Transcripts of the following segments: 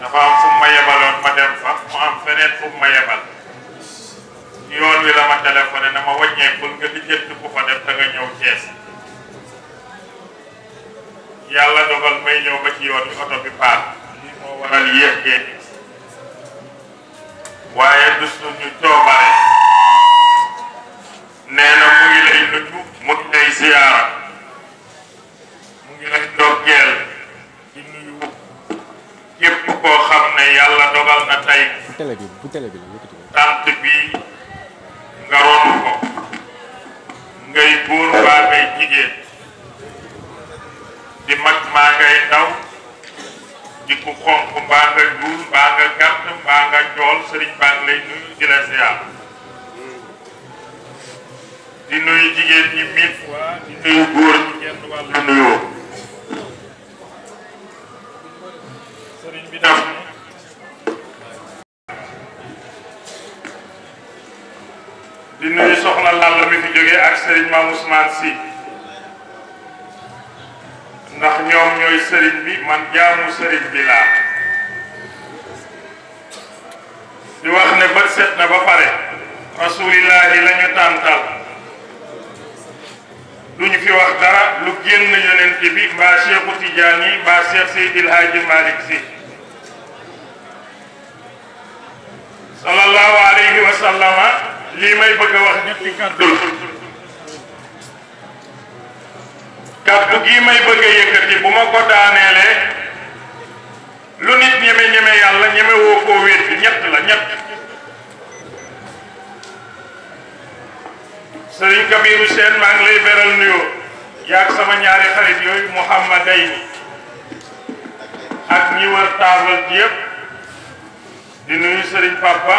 dafa am fu mu ma yebaloon ma dem fa mu am feneen fu ma yebal yoon wi la ma téléphoné na ma wàññeekul nga lijjanti ku fa def da nga ñëw Thiès yàlla dogal may ñëw ba ci yoon bi oto bi paal lii moo waral yéex jéegi waaye du suñu coobare nee mu ngi lay nuju mu ngi lay mu ngi lay ndokkeel képp koo xam ne yàlla dogal na tey télé bi bu télé bi tant bi nga ronu ko ngay góor baa ngay jigéen di mag maa ngay ndaw di ku xonk nga juul mbaa nga gàtt mbaa nga jool sëriñ baa lay nuyu di la jigéen ñi mille fois di góor ñi nuyoo di nuyu soxna Lalla mi fi jógee ak sëriñ Maam Ousmane si ndax ñoom ñooy sëriñ bi man jaamu bi di wax ne bët set na ba pare rasulillahi la ñu duñu fi wax dara lu génn yonent bi Tidiane Cheikh Seydil si sallallahu alayhi wa lii may bëgg wax ñetti kàddu kàddu gii may bëgg yëkkati bu ma ko daaneelee lu nit ñeme ñeme yàlla ñeme woo koo wéet bi ñett la ñett sëriñ Kabiru Seen maa ngi lay beral nuyoo yaag sama ñaari xarit yooyu Muhammaday ak ñi wër taabal ji yëpp di nuyu Serigne Papa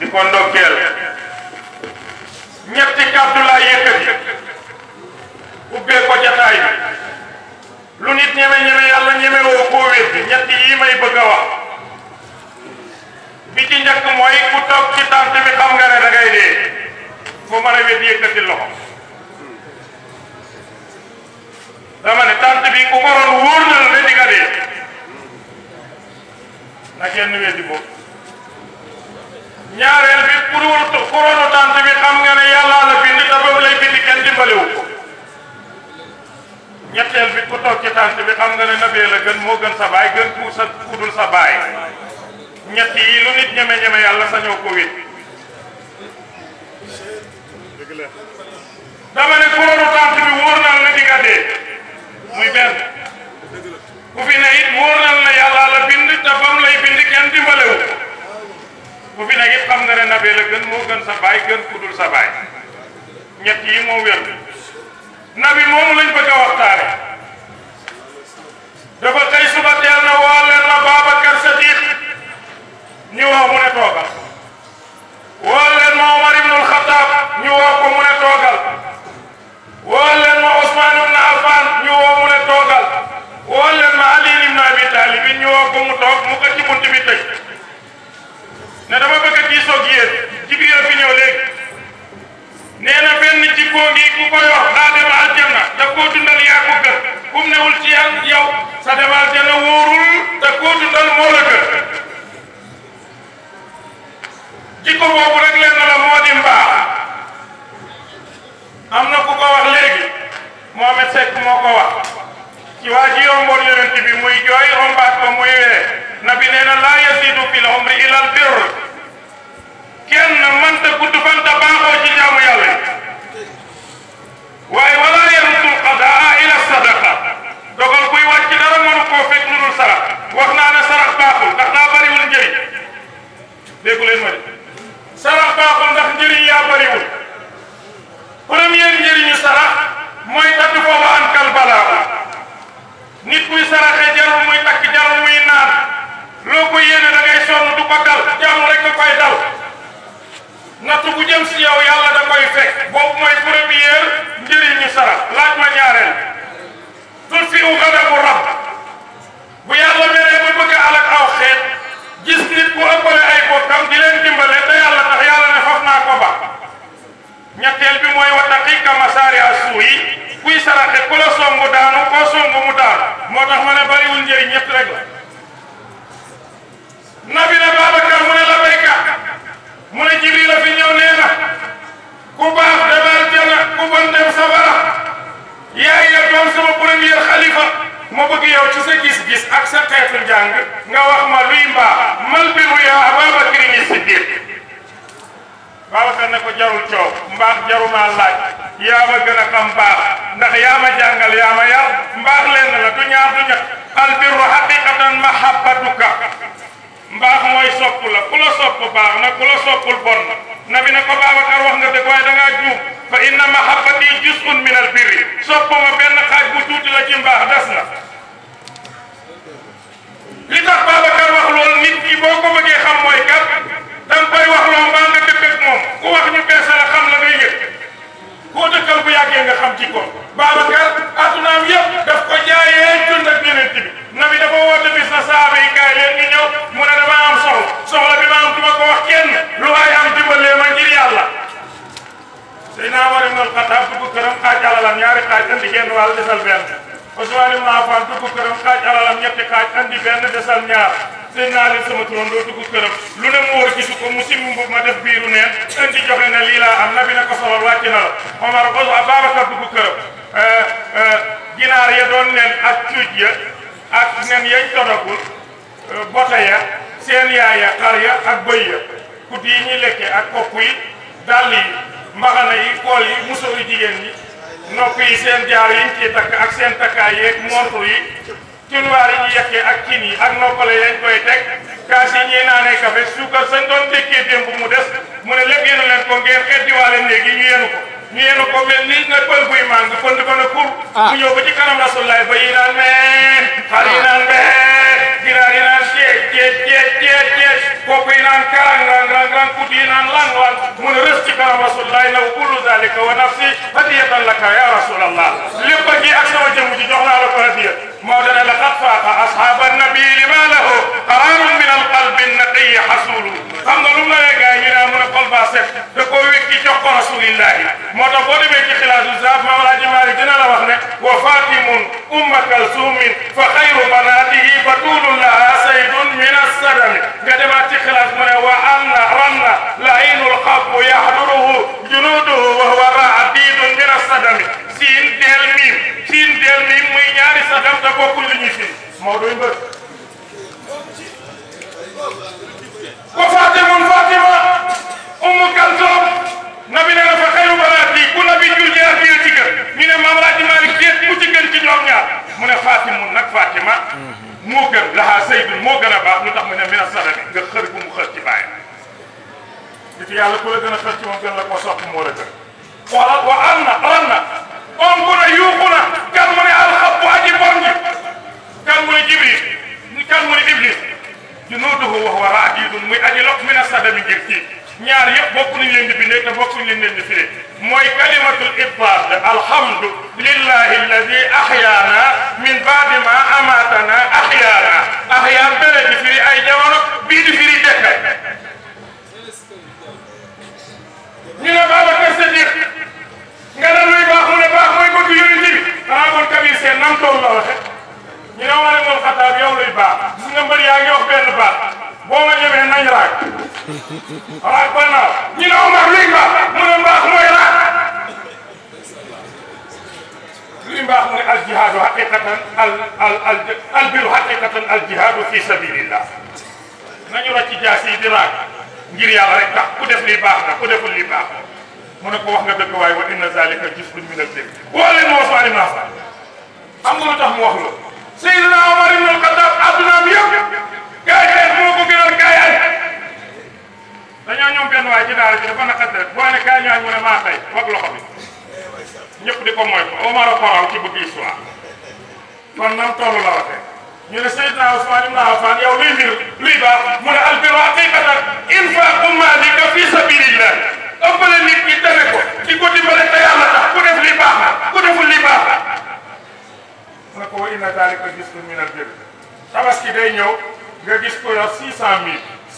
di ko ndokkeel ñetti kàddu laa yëkkati ubbee ko jataay bi lu nit ñeme ñeme yàlla ñeme woo koo wéet ñetti yii may bëgg a wax bi ci njëkk mooy ku toog ci tànt bi xam nga ne dee mu mën a wéet yëkkati loxo dama ne tànt bi ku ko waroon wóor na la di nga dee na kenn weddi ko ñaareel bi pour wut koronu tant bi xam nga ne yàllaa la bind te lay bind kenn dimbalewu ko ñetteel bi ku toog ci bi xam nga ne nabee la gën moo gën sa baay gën ku sa kudul sa baay ñett yi lu nit ñeme ñeme yàlla sañoo ko wét dama ne koronu tant bi wóor naa la di muy benn ku fi ne it wóor na la la bind te lay bind kenn dimbalewu ku fi ne it xam nga ne nabee la gën moo gën sa baay gën ku sa baay ñett yi moo wér nabi moomu lañ bëgg a waxtaane dafa xëy suba teel na woo leen la Babacar Sadiq ñu woo mu ne toogal woo leen ma Omar ibnul Xataab ñu woo mu ne toogal woo leen ma Ousmane ibn Affan ñu woo mu bi muy jooy rombaat ko muy wee nabi nee na laa yasidu fil umri ilal birr kenn mënta gudd fan te baaxoo ci jaamu yàlla ka masaari a suu kuy saraxe ku la songu daanu koo songu mu daanu moo tax ma ne bariwul njëriñ ñett rek la nabi ne Babacar mu ne la bayka mu ne Jibril xalifa ma bëgg yow ci sa gis-gis ak sa xeetu njàng nga wax ma luy mbaa mal bi mu yaa Ababakar ni Siddiq Babacar ne ko jarul ciow mbax jaruma laaj ya ma gëna xam mbaax ndax ya ma jangal ya ma yar mbax len la du ñaar du al birru haqiqatan mahabbatuka mbax moy sopp la ku la sopp baax na ku la soppul bon nabi ne ko Babacar wax nga de koy da nga juum fa inna mahabbati juz'un min birri sopp ma ben xaj bu tuti la ci mbax des na li tax Babacar wax lol nit ki boko ko xam moy kat dang koy wax lo mbaa nga ku wax ñu beesal xam la ngay yëg koo dëkkal bu yàggee nga xam ci a Babacar addunaam yëpp daf ko jaayee jund ak yeneen bi nabi dafa woote bis na saaba yi kaay leen ñu ñëw mu ne dama am soxla bi ma am du ko wax kenn lu waay am dimbalee ma ngir yàlla Seydina Umar ibn al-Khattab dugg këram xaaj alalam ñaari xaaj andi genn wàll desal benn Ousmane Ibn Affan dugg këram xaaj alalam ñetti xaaj andi benn desal ñaar seen naa leen sama turam doo dugg këram lu ne mu war gisu mu simmi mbubb ma def biiru neen andi joxe ne ne ko solal na la Omar Babacar dugg këram euh, euh, doon nen ak cuuj ya ak nen yañ todagul euh, bota ya seen yaay ya xar ya ak bëy ya kuti yi ñuy lekke ak kopp yi dàll yi mbaxana yi kool yi musóor yi nopp yi seen jaar yiñ ci takk ak seen takkaay yeeg montre yi cunwaar yi ñu yekkee ak cin yi ak noppale yañ koy teg kaas yi naanee café suukar sañ doon dékkee démb mu des mu ne lépp yéen leen ko ngeen xeddiwaale léegi ñu ko ñu yéenu ko mel ni nga pël buy maan nga pënd ba na kur ah. mu ñëw ba ci kanam rasulullah ba yi naan mee xar yi ah. naan mee ginaar yi naan ceeb ceeb kooku yi naan kaaraan ngaan ngaan ngaan kuti yi naan lan waan mun a rës ci kanam rasulullah law kullu zalika wa nafsi hadiyatan laka ya rasulallah lépp a ngi ak sama jëmm ji jox naa la ko hadiya مولانا لقد فاق اصحاب النبي لما له قرار من القلب النقي حصول خم دلوم لا يجاي لا القلب اسف بكو رسول الله مودا بودي بي خلاص الزاف مولا جي ماري دينا لا واخني ام كلثوم فخير بناته بطول لها سيد من السدم غدي ما تي خلاص وان رن لعين القلب يحضره جنوده وهو راعي Maodo yi mbër wa Fatimun Fatima ummu Kalsoom nabi nee na fa xayru banaat yi ku nabi jur ñaar biir ci gën ñu ne maam Laaji Maalik Jeet ku ci gën ci ñoom ñaar mu ne Fatimun nag Fatima moo gën lahaa saydun moo gën a baax lu tax mu ne mina sadami nga xër bu mu xër ci bàyyi nit yàlla ku la gën a xër ci moom gën la ko sopp moo la gën نيك نفوكو لين نين فيلي موي كلمه الاقبال الحمد لله الذي احيانا من بعد ما اماتنا احيانا احيا بلدي في اي جامونو بي دي فيري ديك نينا بابا كاستيك غانا نوي باخو لي باخ موي بوك يونيتي رامون كابي سي نام تو لا واخ ني خطاب يوم باخ نمبر ياغي واخ بن باخ boo ma ñëwee nañ raag al al al al al biru fi sabilillah nañu rocc jaas yi di raag ngir yàlla rek li baax na ku li baax mu ne ko wax nga dëgg wa inna zalika juz'un min al-birr woo leen moo soxali naa sax xam nga lu tax mu wax la Seydina Omar ibn al-Khattab addunaam dañoo ñoom benn waaye ci daara ji dafa naqat rek boo ne kaay ñaan mu maa tey wag loxo bi ñëpp di ko mooy ko Omar a xoraw ci bëgg histoire kon nam toll la waxee ñu ne Seydina Ousmane Ibn Affan yow luy mbir luy baax mu ne albir haqiqatan infaqu maalika fi sabilillah ëppale nit ñi defe ko ci ko dimbale te yàlla tax ku def li baax na li baax na na ko wa inna dalika gis min al bir tabaski day ñëw nga gis ko yor six cent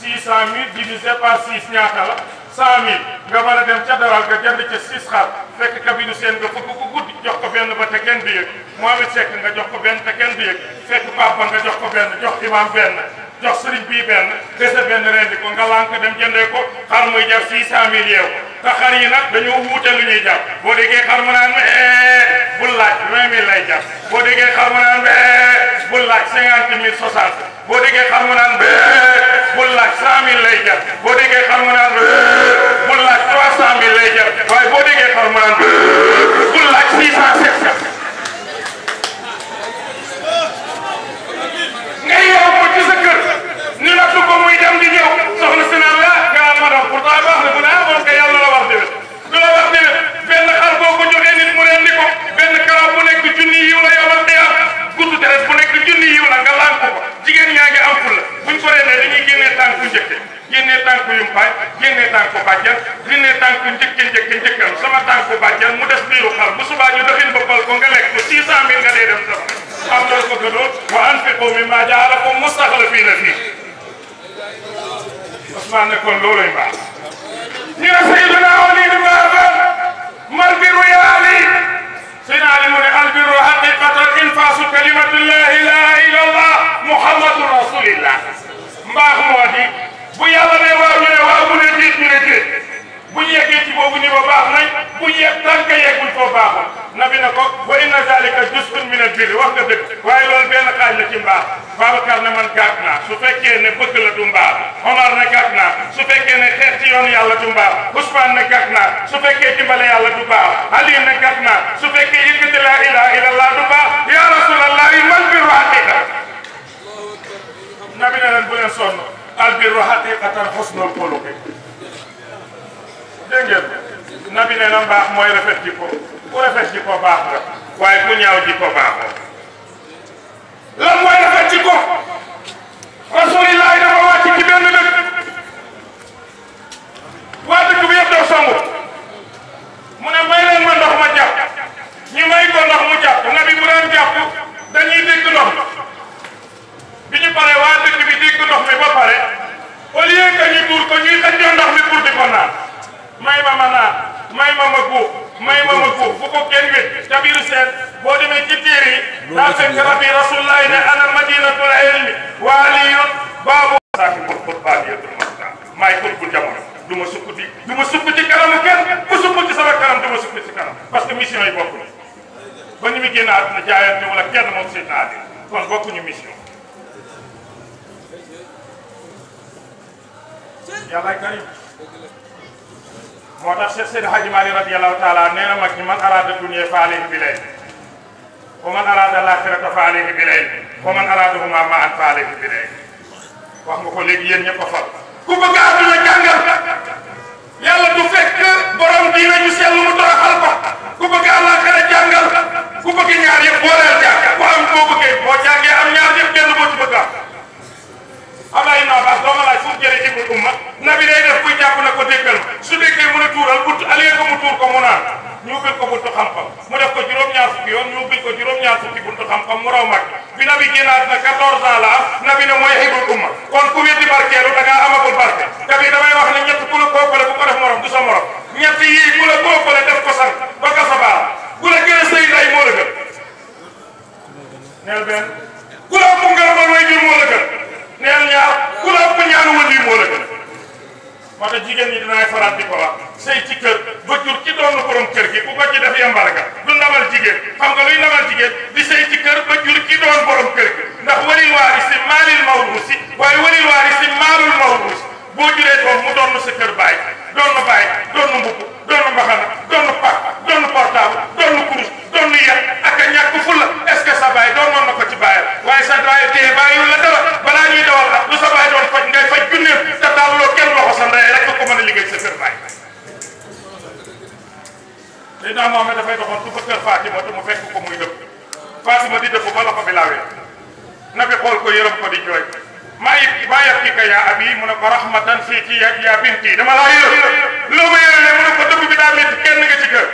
six cent mille divisé par six ñaata la cent mille nga mën a dem ca daral nga jënd ca six xar fekk kabinu seen nga fukk ku guddi jox ko benn ba te kenn du yëg Mohamed Seck nga jox ko benn te kenn du yëg fekk papa nga jox ko benn jox imam benn jox sëriñ bii benn dese benn rendi ko nga lànk dem jëndee ko xar muy jar six cent mille yeew te xar yi nag dañoo wuute ñuy jar boo déggee xar mu naan eh, bul laaj vingt mille lay jar boo déggee xar mu bul laaj cinquante mille soixante boo déggee xar mu naan béet bul laaj cent mille lay jar boo déggee xar mu naan béet bul laaj trois cent mille lay jar waaye boo déggee xar mu naan béet bul laaj six cent sept kon loolay baax ñu ne Seydina Ali ibn Abi mal biru ya Ali Seydina Ali mu ne al biru haqiqatan infaasu kalimatullahi la ila allah muhammadu rasulillah mbaax moo di bu yàlla ne waaw ñu ne waaw mu ne déet ñu ne déet bu ñu yeggee ci boobu ni ba baax nañ bu ñu yegg tànk yegguñ ko baaxul nabi na ko wa inna zalika juz'un min al birri wax nga dëgg waaye loolu benn xaaj la ci mbaax Babacar ne man gàtt naa su fekkee ne bëgg la du mbaar Omar ne gàtt naa su fekkee ne xeex ci yoon yàlla du mbaar ne gàtt naa su fekkee dimbale yàlla du baax Ali ne gàtt naa fekkee yëkkati laa ilaha illallah du baax ya rasulallah man biru haqiqa nabi ne leen bu leen sonn al nabi ne na mbaax mooy rafet ji ko ku rafet waaye ku ñaaw ji ko pare waa dëkk bi dégg ndox mi ba pare au lieu que ko ñuy xëccoo ndox mi pour di ko may ma ma naan may ma ma góob may ma ma góob ko kenn wét ca biiru seen boo demee ci téere yi daa fekk rabbi rasulullahi ne ana madinatul ilmi waaliyun baabu saaki mur bur baadiyatul masta maay xutbu jamono du ma sukk du ma sukk ci kenn ku sukk ci sama du ma sukk ci kanam parce que mission yi bokk na ba ñu mu génn àdduna yàllaay moo tax Cheikh Seydi Hadji Malick radiyallahu taala nee na man araada dunya fa alayhi bi wa man araada alaxirata fa alayhi bi wa man araadahuma ma an fa alayhi bi lay wax nga ko léegi yéen ñëpp a fal ku bëgg du fekk borom diina ñu sell mu toroxal ko ku bëgg àllaxira jàngal ku bëgg ñaar yëpp booleel jàng ku am boo bëggee boo jàngee am ñaar yëpp di sëy ci kër ba ki doon borom kër ndax walil waarisi maalil mawruusi waaye walil waarisi maalul mawruusi boo juree doom mu doon sa kër baay doon na baay doon na mbubb doon na mbaxana doon na paak doon na portable doon na kurus doon na yar ak a ñàkk fulla sa baay doonoon na ko ci baayam waaye sa baay teye bàyyiwul la dara balaa ñuy dawal ak lu sa baay doon faj ngay faj junneem te tàlloo kenn loxo sa ndey rek ko mën a liggéey sa kër Fatima di def ba la ko fi laawee nabi xool ko yërëm ko di jooy maa yëg maa abi mu ne ko rahmatan fii binti loo ma yërëlee mu ne ko bi daa métti kenn nga ci kër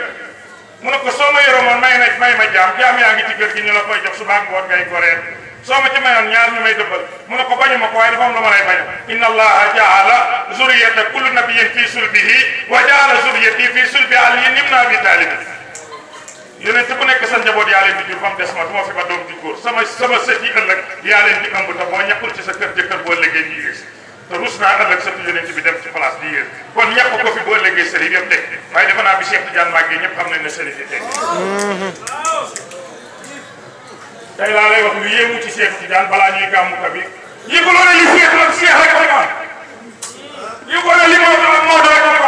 mu ne ko soo ma na may ma jaam jaam yaa ngi ci gi ñu la koy jox suba ak ngoon ngay goreen soo ci mayoon ñaar ñu may dëbbal mu ne ko bañu ma ko waaye dafa am lu inna allaha jaala zuriyata kulli nabiyin fii sulbihi wa jaala zuriyati fii sulbi aliyin ibn abi talib yonent bu nekk sa njaboot yaa leen di jur des ma du ma fi ba doom di góor sama sama sët yi ëllëg yaa leen di ëmb te boo ñàkkul ci kër jëkkër boo liggéey ñuy yées te rus naa ëllëg sëtu yonent bi dem ci place di yées kon ñàkk ko fi boo liggéey sëriñ yëpp teg waaye defe naa bi Cheikh Tidiane màggee ñëpp xam nañ ne sëriñ yi teg tey laa lay wax lu yéemu ci Cheikh Tidiane balaa ñuy gàmmu ka bi yëguloo ne li Cheikh rek Cheikh rek rek am yëguloo ne li Maodo Maodo rek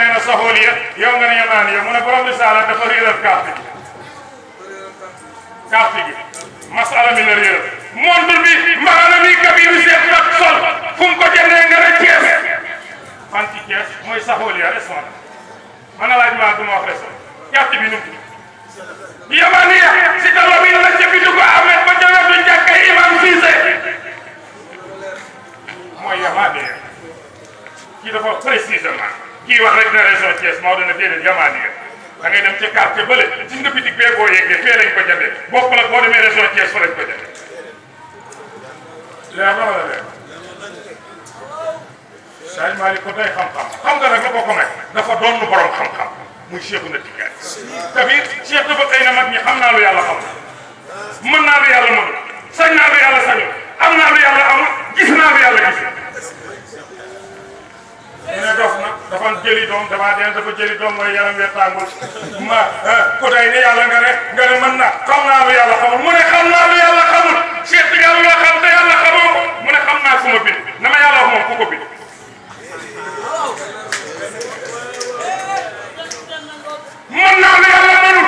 nee na saxooliya yow nga ne yamaaniya mu ne borom risaala dafa réeral carte gi carte gi masala mi la réeral montre bi mbaxana mi kabiru seet nag sol fu mu ko jëndee nga ne Thiès fan ci Thiès mooy saxooliya respon mën na laaj maa du ma wax respon carte bi nu yamaaniya si talo bi la ca bitu ko Ahmed ba jawee du njàkkay imam Cissé mooy yamaaniya kii dafa précisément kii wax rek na région Thiès Maodo na déedéet yamaani ya da ngay dem ci quartier bële ci nga bitig bee boo yeggee fee lañ ko jëndee bokk la boo demee région Thiès fa lañ ko jëndee leer na wala leer Sëñ Malick ko ko ko lu borom xam-xam muy Cheikh na Tidiane tamit Cheikh dafa xëy na mag ñi xam naa lu yàlla xam mën naa lu yàlla mënul dafa jëli doom damaa deen dafa jëli doom mooy yaram weer tàngul ma eh, ku day ne yàlla nga ne nga ne mën na xam naa lu yàlla xamul mu ne xam naa lu yàlla xamul seet di yàlla loo xam te yàlla xamoo ko mu ne xam naa ku ma bind na ma yàlla wax moom ku ko bind mën naa lu yàlla mënul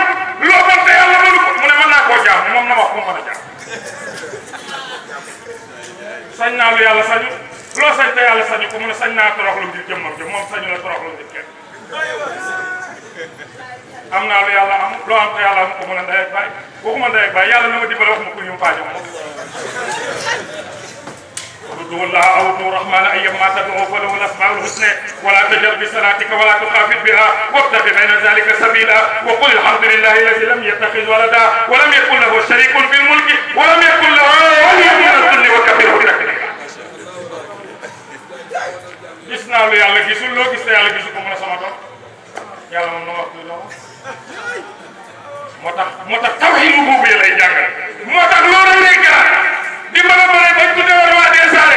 loo xam te yàlla mënu ko mu ne mën naa koo jaam moom na wax mu mën a jaam sañ naa lu yàlla sañul سلاسل تيا على سني كمان سني ناتروح لهم ديك يوم مرجو مام سني ناتروح لهم ديك أم نالي على أم لو أم تيا على كمان ده يك باي كمان ده يك باي يا لنا ما تبلاه مكوني يوم باي رضو الله أو نور رحمن أيام ما تدعو فلو الأسماء الحسنى ولا تجر بسناتك ولا تخافت بها واقتب بين ذلك سبيلا وقل الحمد لله الذي لم يتخذ ولدا ولم يكن له شريك في الملك ولم يكن له ولي من الذل وكفره بركنا gis naa lu yàlla gisul loo gis te yàlla gisul ko mën a sama doom yàlla moom na wax kuy doom moo tax moo tax tawhiid boobu yi lay jàngal moo tax loolu lay gën di mën a mën a bañ ku ne war waa dee saale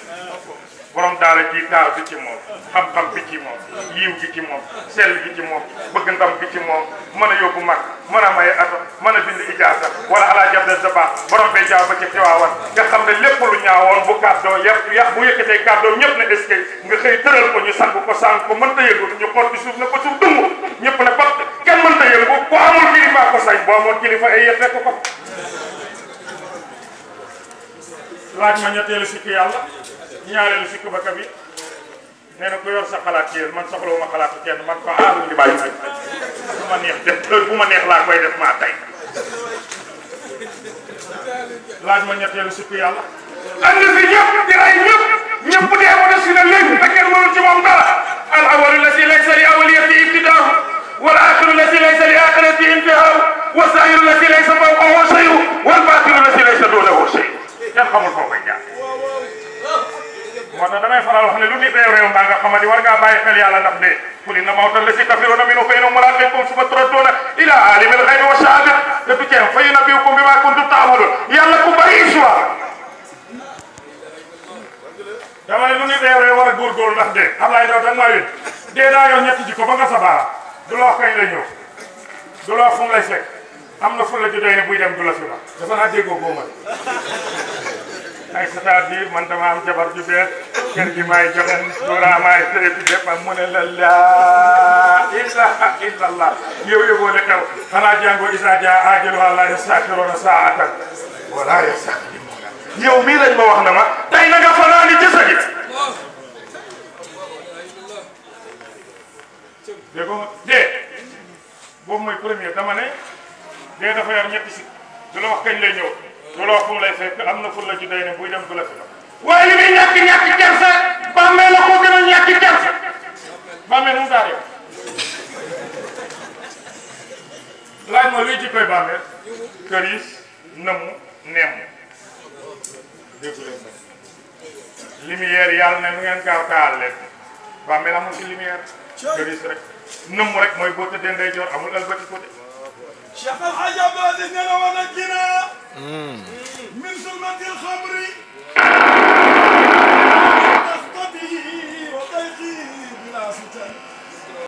borom daara ji taar bi ci moom xam-xam bi ci moom yiw bi ci moom sell bi ci moom bëgg ndam bi ci a yóbbu mag a maye ato mën a bind ijaasa wala ala jabda sabaa borom bee jaaw ba ci tiwaawan nga xam ne lépp lu ñaawoon bu kàddoo yax yax bu yëkkatee ne est-ce nga xëy tëral ko ñu sang ko sang ko mën ta yëgu ñu xool ci suuf ne ko suuf dungu kenn mën ta yëgu ku amul kilifa ko sañ boo amoon kilifa ay yëf fekk ko laaj ma ñetteelu sikki yàlla ñaareelu sikk ba ka bi nee na ku yor sa xalaat yéen man soxlawuma xalaatu kenn man ko aaru ah, di bàyyi nag bu ma neex def heure bu ma neex laa koy def maa tey laaj ma ñetteelu sikk yàlla ànd fi ñëpp di ay ñëpp ñëpp dee mu des fi ne léegi te kenn mënul ci moom dara al awalu la si laysa li awaliyati ibtidaahu wal axiru la si laysa li axirati intihaahu wa saayiru la si laysa fawqahu shay'un wal baatilu la si laysa duunahu shay'un kenn xamul foo koy jaar moo tax damay faral wax ne lu nit réew réew mbaa nga xamati war ngaa bàyyi xel yàlla ndax de ku li na mawtal la si tafiruna minu fa innahu mulaaqiikum summa ila aalimil ghaybi wa shahaada te du ceeb fa yunabbi'ukum bimaa kuntum ta'maluun yàlla ku bari histoire dama ne lu nit réew réew war a góorgóorlu ndax de Ablaye Ndaw dag maa wét dee daa yoon ñetti jikko ba nga sa baara du la wax la ñëw du la wax lay fekk am fu la ju doy buy dem du la fi wax dafa naa déggoo boo ma ay sataat bi man dama jabar ju bees maay joxe dooraa maay sëre bi mu ne la laa ilaha illallah yow yóbboo li xew xanaa jàngoo isa jaa ajaluhaa laa yastaxiruuna saatan wala yastaqdimuuna yow mii lañ ma wax na ma tey na nga fanaani looloo fu mu lay fekk am na fu la ci day ne buy dem du la fi dox. waaye li muy ñàkk ñàkk kersa bàmmeel la ko gën a ñàkk kersa bàmmeel mu daal yow laaj ma luy ci koy bàmmeel këris nëmu nemm déggu yàlla ne nu ngeen gaaw taal leen bàmmeel amul ci lumière këris rek nëmm rek mooy boo tëddee ndeyjoor amul ëlbati côté شيخ الحاج عباد اثنين ونجنا من ظلمة الخمر